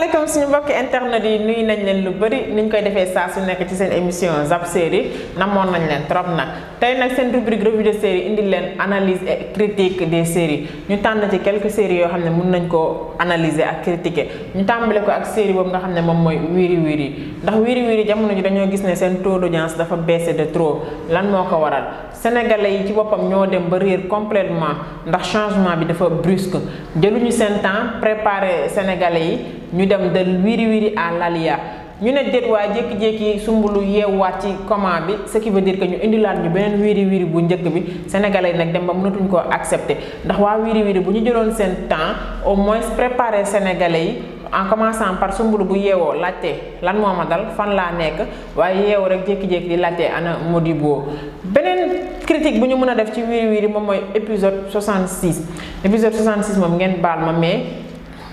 asalaamaaleykum suñu mbokki internet yi nuyu nañ leen lu bëri niñ koy defee saa su nekk ci seen émission zap série namoon nañ leen trop nag tey nag seen rubrique revue de série indi leen analyse et critique des séries ñu tànn ci quelques séries yoo xam ne mun nañ koo analyser ak critiquer ñu tàmbale ko ak série boobu nga xam ne moom mooy wiiri wiiri ndax wiiri wiiri jamono ji dañoo gis ne seen taux d'audience dafa baissé de trop lan moo ko waral sénégalais yi ci boppam ñoo dem ba réer complètement ndax changement bi dafa brusque jëluñu seen temps préparer sénégalais yi ñu dem de wiiri wiiri à l'alia ñu ne déet waaye jékki-jékki sumbulu yeewaat ci comment bi ce qui veut que ñu indilaat ñu beneen wiiri wiiri bu njëkk bi sénégalais yi nag dem ba mënatuñ koo accepter ndax waa wiiri wiiri bu ñu jëloon seen temps au moins préparer sénégalais yi en commençant par sumbulu bu yeewoo laajte lan moom ma dal fan laa nekk waaye yeewu rek jékki-jékki di laajte ana Modibo beneen critique bu ñu mën a def ci wiiri wiiri moom mooy épisode 66 épisode 66 moom ngeen baal ma mais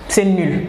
c'est nul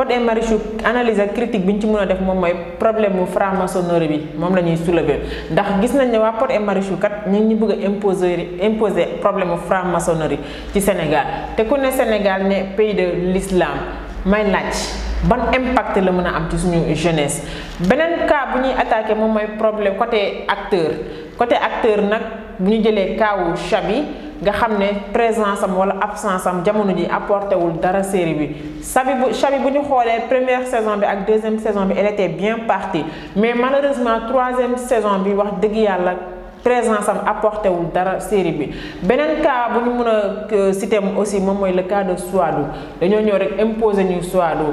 Pod et Marichou analyse ak critique bi ñu ci mën a def moom mooy problème mu franc-maçonnerie bi moom la ñuy soulever ndax gis nañ ne waa Pod et Marichou kat ñu ñi ñu bëgg a imposer imposer problème mu franc ci Sénégal te ku ne Sénégal ne pays de l'islam may laaj ban impact la mun a am ci suñu jeunesse beneen cas bu ñuy attaqué moom mooy problème côté acteur côté acteur nag bu ñu jëlee kaawu Chabi nga xam ne présence am wala absence am jamono ji apporté wul dara série bi sabi bu sabi bu ñu première saison bi ak deuxième saison bi elle était bien partie mais malheureusement troisième saison bi wax dëgg yàlla présence am apporté wul dara série bi Benen cas bu ñu mën a euh, citer aussi moom le cas de Souadou dañoo ñëw rek imposer ñu Souadou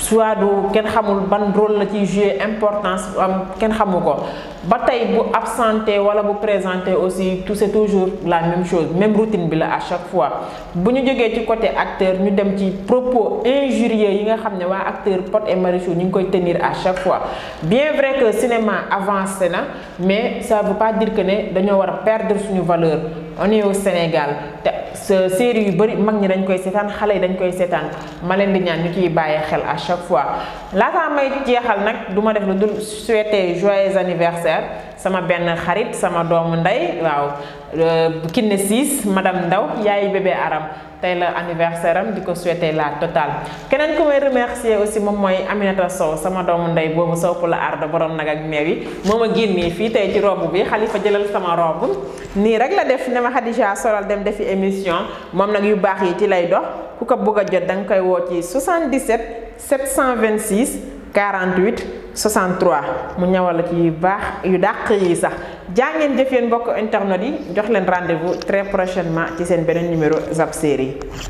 soit du kenn xamul ban rôle la joue jouer importance am ken xamuko ba tay bu absenté wala bu présenté aussi tout c'est toujours la même chose même routine bi à chaque fois bu ñu jógee ci côté acteur ñu dem ci propos injurieux yi nga xamné ne acteur Pod et Marichou vous pouvez koy tenir à chaque fois bien vrai que le cinéma avance, mais ça ne veut pas dire que nous devons perdre suñu valeur on est au Sénégal te série yu bëri mag ñi dañ koy sétane xalé dañ koy sétane ma leen di ñaan ñu ciy baye xel à chaque fois ta may jéxal nak duma def lu souhaiter joyeux anniversaire sama benn xarit sama doomu ndey waaw euh, kinne siis madame Ndaw yaay bébé aram tey la anniversaire am di ko souhaiter la totale keneen ku may remercier aussi moom mooy Aminata Sow sama doomu ndey boobu Sow pour la arde borom nag ak meew yi moo ma génnee fii tey ci robe bi xalifa jëlal sama robe nii rek la def ne ma Khadija solal dem defi émission moom nag yu baax yi ci lay dox ku ko bëgg a jot da nga koy woo ci vingt 726 48 63 mu ñawal ci baax yu dakk yi sax jaa ngeen jëf yéen mbokk internet yi jox leen rendez-vous très prochainement ci seen beneen numéro Zap Série